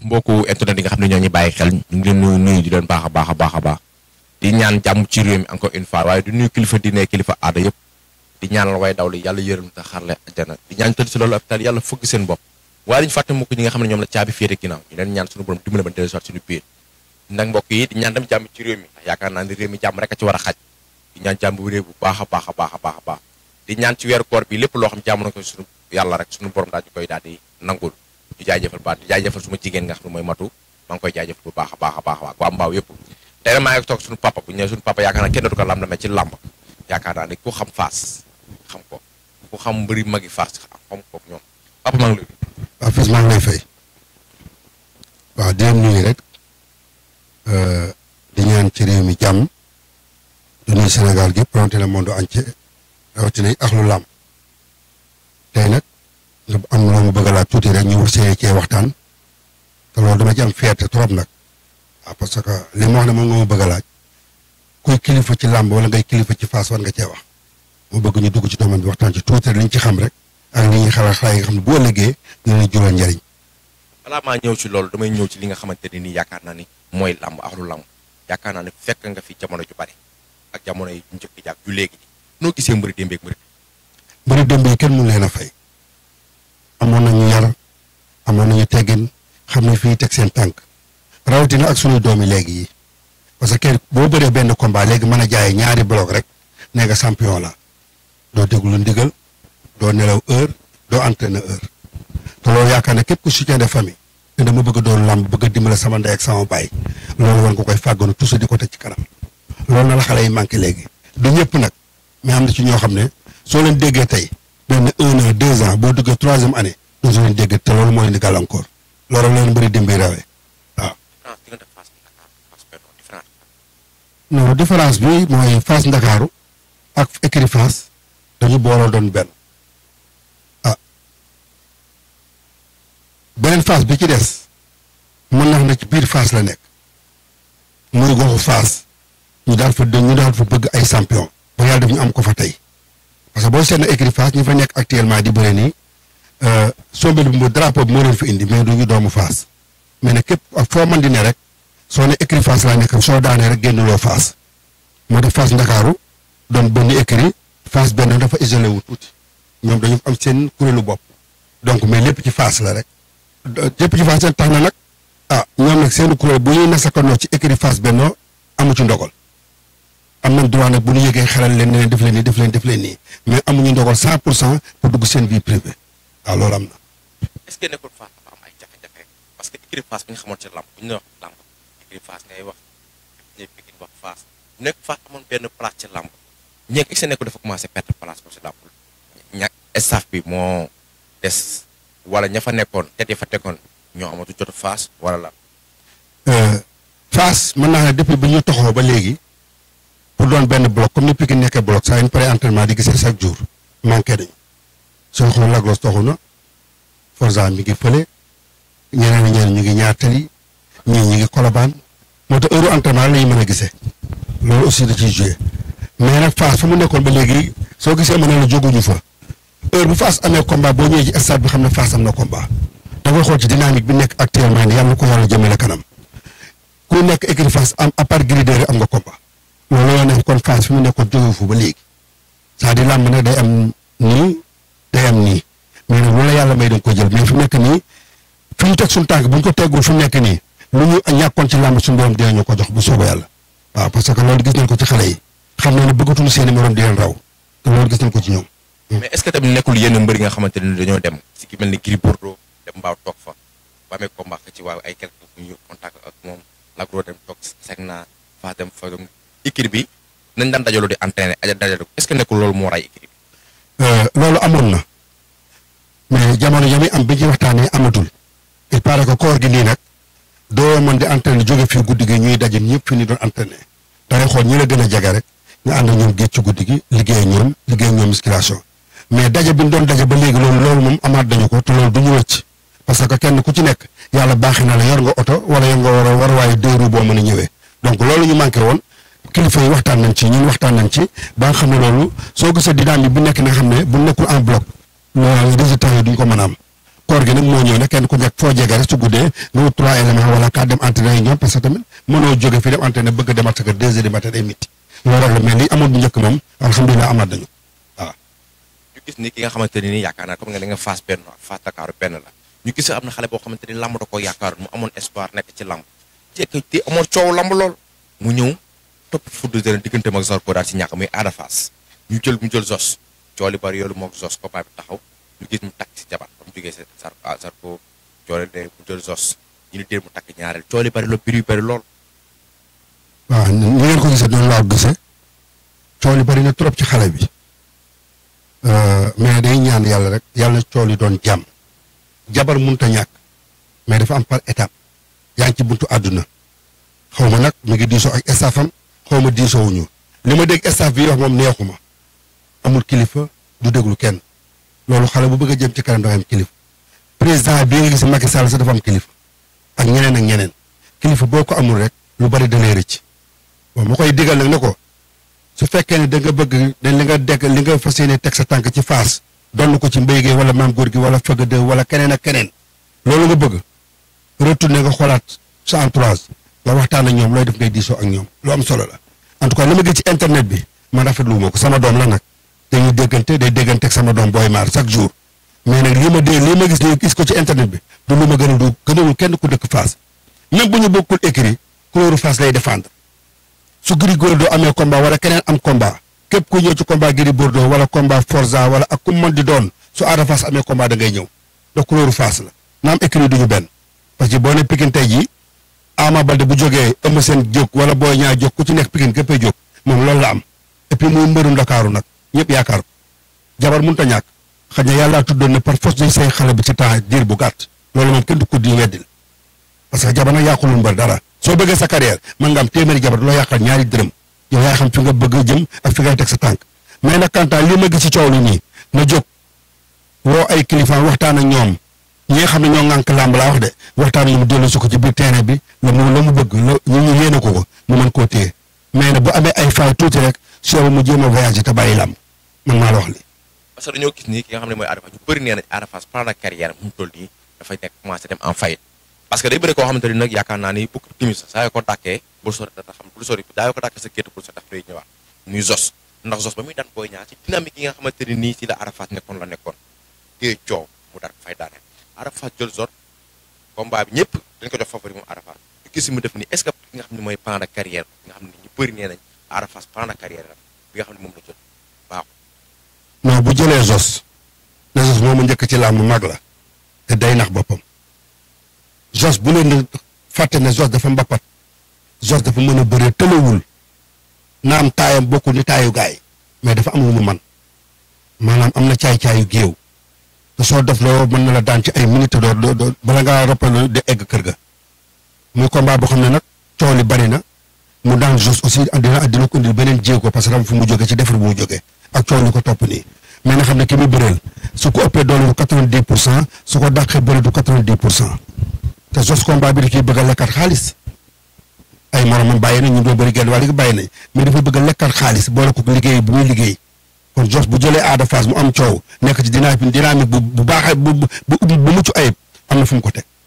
jëf mbokku internet yi nga xam ñoo ñi bayyi xel ñu ngi leen nuyu nuyu di leen baaxa baaxa baaxa a baax di ñaan jàmm ci réew mi encore une fois waaye du nuyu kilifa di ne kilifa aada yëpp di ñaan la way dawli li yàlla yërëm te xarle ajjana di ñaan tëdd ci loolu hôpital yàlla fëgg seen bopp waaye dañu fàtte mbokk ñi nga xam ne ñoom la caabi féete ginnaaw ñu leen ñaan suñu borom dimbale ba dellusiwaat suñu biir nag mbokk yi di ñaan dem jàmm ci réew mi yaakaar naa ni réew mi jàmm rek a ci war a xaj di ñaan jàmm bu réew bu baax a baax a baax a baax di ñaan ci weeru koor bi lépp loo xam jàmm na ko suñu yàlla rek suñu borom daal di koy daal di nangul di jaajëfal baat di suma jigen nga xamne moy matu maa ngi koy jaajëfal bu baakha baakha baakha a baax waa waa mbaaw yëpp tey ak tok suñu papa bu ñew suñu papa yaaka na kenn du ko lam damee ci lamb yaaka na ni ku xam faas xam ko ku xam mbiri magi faas xam ko ñom papa maa ngi wa waaw fas ngi lay fay wa di leen nuyu rek euh, di ñaan ci réew mi jàmm du nuyu Sénégal gi pronté le monde entier rawatina akhlu lamb tay nak nga am loo ma bëgg laa tuuti rek ñu see cee waxtaan te loolu dama ci am fierté trop nag ah parce que li mu wax ne moom nga ma bëgg a laaj kuy kilifa ci làmb wala ngay kilifa ci faas war nga cee wax moo bëgg ñu dugg ci doomam bi waxtaan ci tuuti liñ ci xam rek ak li ñuy xalaat xalaat yi xam ne boo liggéey dinañ jural njariñ. balaa maa ñëw ci loolu damay ñëw ci li nga yaakaar ni mooy làmb yaakaar fekk nga fi jamono ju bari ak jamono ju kenn fay amoon nañu yar amoon nañu teggin xam ne fii teg seen tànk rawatina ak suñu doomi léegi yi parce que boo bëree benn combat léegi mën a jaay ñaari bloc rek nee nga champion la doo déglu ndigal doo nelaw heure doo entraîneur heure te loolu yaakaar ne képp ku soutien de famille te dama bëgg doon lamb bëgg a dimbale sama ndey ak sama baay loolu war nga koy fàgganu toujours di ko teg ci kanam loolu na la xale yi manqué léegi du ñëpp nag mais am na ci ñoo xam ne soo leen déggee tey benn un an deux ans boo duggee troisième année toujours ñu dégg te loolu moo leen di gàllankoor loolu leen bëri démb yi rawee waaw. non différence bi mooy Fass Ndakaaru ak écurie Fass dañu booloo doon benn ah beneen Fass bi ci des mën naa ne ci biir Fass la nekk muy goxu Fass ñu daal fa ñu daal fa bëgg ay champion ba yàlla def ñu am ko fa tey. parce que bo sen écrit face ñu fa nek actuellement di bëre nii euh, sombel bi mu drapeau bi moo leen fi indi mais du ñu doomu face mais nag kep fo man di ne rek so ne écrit face la nek so daane rek génnuloo Fass moo tax Fass Ndakaaru doon benn écrit face ben dafa isolé wu tout ñom dañu am sen kurelu bop donc mais lepp ci face la rek lépp ci face tan nak ah ñom nak sen kurel bu ñu ko no ci écurie Fass benn amu ci ndogal amna droit nak bu ñu yëgee xelal leen ne leen def leen nii def leen def leen ni mais amu ñu ndogal 100 pour cent pour dugg seen vie privée ah lool amna est-ce que nekul Fass am ay jafé jafé parce que écrire face bi ñu xamul ci lamp bu ñu wax lamp écrire face ngay wax ñooy pikin wax face nek Fass amoon ben place ci lamp ñek ci nekul dafa commencé perdre place pour ci lamp ñak staff bi mo dess wala ña fa nekkoon te di ya fa tegoon ño amatu jot face wala la. euh face naa na depuis bi ñu taxaw ba légui doon benn bloc comme ni Pikine nekkee bloc saa yu pare entraînement di gisee chaque jour manqué nañu soo xamul Lac Rose toxu na Forza mi ngi fële ñeneen ñeneen ñu ngi ñaar tali ñii ñu ngi kolobaan moo tax heure entraînement la ñu mën a gisee loolu aussi da ciy mais nag Fass fu mu nekkoon ba léegi soo gisee mën na la jóguñu fa heure bu Fass amee combat boo ñëwee ci stade bi xam ne Fass am na combat da nga xool ci dynamique bi nekk actuellement nii yàlla na ko war a jëmale kanam ku nekk écurie Fass am à nga combat. place fi mu nekkoon jóge ba léegi c'est-à-dire làmb nag day am nii day am nii mais nag loolu yàlla may dañ ko jël mais fi nekk nii fu ñu teg suñu tànk bu ñu ko teggul fu mu nekk nii lu ñu ñàkkoon si làmb suñu borom dinañu ko jox bu soobee yàlla waaw parce que loolu gis nañ ko ci xale yi xam naa ne bëggatuñu seen i morom di leen raw te loolu gis nañ ko ci ñëw mais est-ce nekkul yenn mbër yi nga xamante ne dañoo dem si ki mel ni Gris Bordeaux dem mbaaw toog fa ba amee combat ay quelques ñu moom Lac Rose dem toog seg naa faa dem fa bi nañ daan dajaloo di entraîné dajaloo est ce que nekkul loolu moo ray équipe euh, loolu amoon na mais jamono ya muy am bi ñuy waxtaanee amatul il paraît que koor gi nii nag doo mën di entraîné jóge fii guddi gi ñuy daje ñëpp fi doon entraîné da ngay xool ñi la gën a jege rek ñu ànd ñoom géej guddi gi liggéey ñoom liggéey ñoom musculation mais daje bi ñu doon daje ba léegi loolu loolu moom amaat dañu ko te loolu du ñu parce que kenn ku ci nekk yàlla baaxi na la yor nga oto wala yor nga wara waaye deux roues boo mën a ñëwee donc loolu ñu manqué woon kilifa yi waxtaan nañ ci ñun waxtaan nañ ci ba nga xam ne loolu soo gisee dynamique bu nekk na xam ne bu nekkul en bloc résultat yi duñ ko mën am koor gi nekk moom alhamdulilah amaat nañu waaw ñu gis ni ki nga xamante ne nii yaakaar naa comme nga li nga Fass benn Fass Dakar benn la ñu gis am na xale boo xamante ni da ko yaakaar mu amoon espoir nekk ci lamb te amoon coow lamb lool mu ñëw topp foot de terrain digganteem ak Zarko daal si ñàkk muy Ada Fass ñu jël mu jël Zos cooli bari yoolu mook Zos combat bi taxaw ñu gis mu takk si jabar ba mu jógee sa Zarko coole ne mu jël Zos ni mu takk ñaareel cooli bari lool biri bari ñu ngeen ko gisee noonu laa ko gisee bari na trop ci xale bi euh, mais day ñaan yàlla rek yàlla cool yi doon jàmm jabar mënut a ñàkk mais dafa am par étape yaa ngi ci buntu àdduna xaw ma nag mu ngi diisoo ak estafam xaw ma diisoowuñu li ma dégg staff bi wax moom ma amul kilifa du déglu kenn loolu xale bu bëgg a jëm ci kanam dafa am kilifa président bi nga gis Macky Sall sax dafa am kilifa ak ñeneen ak ñeneen kilifa boo ko amul rek lu bari dalee ci bon ma koy digal nag ne ko su fekkee ne da nga bëgg ne li nga dégg li nga fa yéene teg sa tànk ci faas donn ko ci mbéy gi wala maam góor gi wala fëgg dë wala keneen ak keneen loolu nga bëgg retourné nga xoolaat sa la waxtaan ak ñom looy def ngay diso ak ñom lu am solo la en tout cas gi ci internet bi mana rafet lumo. moko sama dom la nag dañuy déggante day déggante ak sama dom boy mar chaque jour mais nak ma li ma gis ñu gis ko ci internet bi du lu ma gën a du gënalul kenn ku dëkk face même bu ñu bokkul écrit couleur face lay défendre su gol do amé combat wala keneen am combat kep ku ñëw ci combat gri Bordeaux wala combat Forza wala ak ku mën di doon su Ada face amé combat da ngay ñëw do couleur face la nam écrit du ñu parce que bo ne pikin tay ji Ama balde bu joge Eumeu sen jog wala Boy nya jog ku ci nek Pikine gëppee jog mom loolu la am et puis dakaru nak ñep yaakar jabar muntanya, a ñàkk xaj na ne par force day say xale bi ci temps dir bu gatt lolou mom kenn du ko di weddil parce que jabar nag yàqulul mbër dara so bëggee sa carrière man nga am témer jabar lo yaqal ñaari dërëm yo yaa xam fi nga bëgg jëm ak fi nga tek sa tank mais nak kanta li ma gi ci ciowlu ni na jog wo ay kilifa waxtaan ñoom ñi xam ñoo ngank lamb la wax de waxtaan yi delu su ko ci bi terrain bi la mu bëgg la ñu ñu ko ko mu mën koo téye mais nag bu amee ay faay tuuti rek soobu mu jéem a voyagé te bàyyi lam man maa la parce que dañoo gis nii ki nga xam ne mooy Ada Fass ñu bëri nee nañ Ada Fass nekk yaakaar naa ni bukk timis saa yoo ko dàkkee bul sori data xam bul sori daa yoo ko dàkkee sa gétt bul sori daf muy zos ndax zos ba muy daan booy ñaar ci dynamique yi nga xamante ni nii si la Ada Fass nekkoon la nekkoon géej coow mu daan fay daane ñëpp dañ ko jox favori moom gis mu def nii est-ce xam ne mooy plan de carrière nga xam ne ñu bëri nee nañ Ada Fass plan bi nga xam ne moom na jot baaxul. non bu jëlee Zos. ne moom moomu njëkk ci làmb mag la. te day nax boppam. Zos bu leen di fàtte ne Zos dafa mbappat. Zos dafa mën a bëree tëlawul. naam taayam bokkul ni taayu gaay mais dafa am lu mu man maanaam am na caay-caayu géew. te soo def loolu mën na la daan ci ay minutes doo doo bala ngaa rappelé di egg kër ga. muy combat boo xam ne nag coow li bari na mu daan jos aussi dina dina ko indil beneen jéego parce que dama fu mu jógee ci defar bu mu jógee ak coow li ko topp nii mais na xam ne ki muy bëreel su ko ëppee doole du quatre vingt pour cent su ko dàqee bëri du quatre-vingt-dix pour cent te jos combat bi da ciy bëgg a lekkaat xaalis ay moromam bàyyi nañ ñu doo bëri genn wàll gi bàyyi nañ mais dafa bëgg a lekkaat xaalis boole ko liggéey bu muy liggéey kon jos bu jëlee aada phase mu am coow nekk ci dynamique dynamique bu bu baax bu bu bu mucc ayib am na fu mu ko teg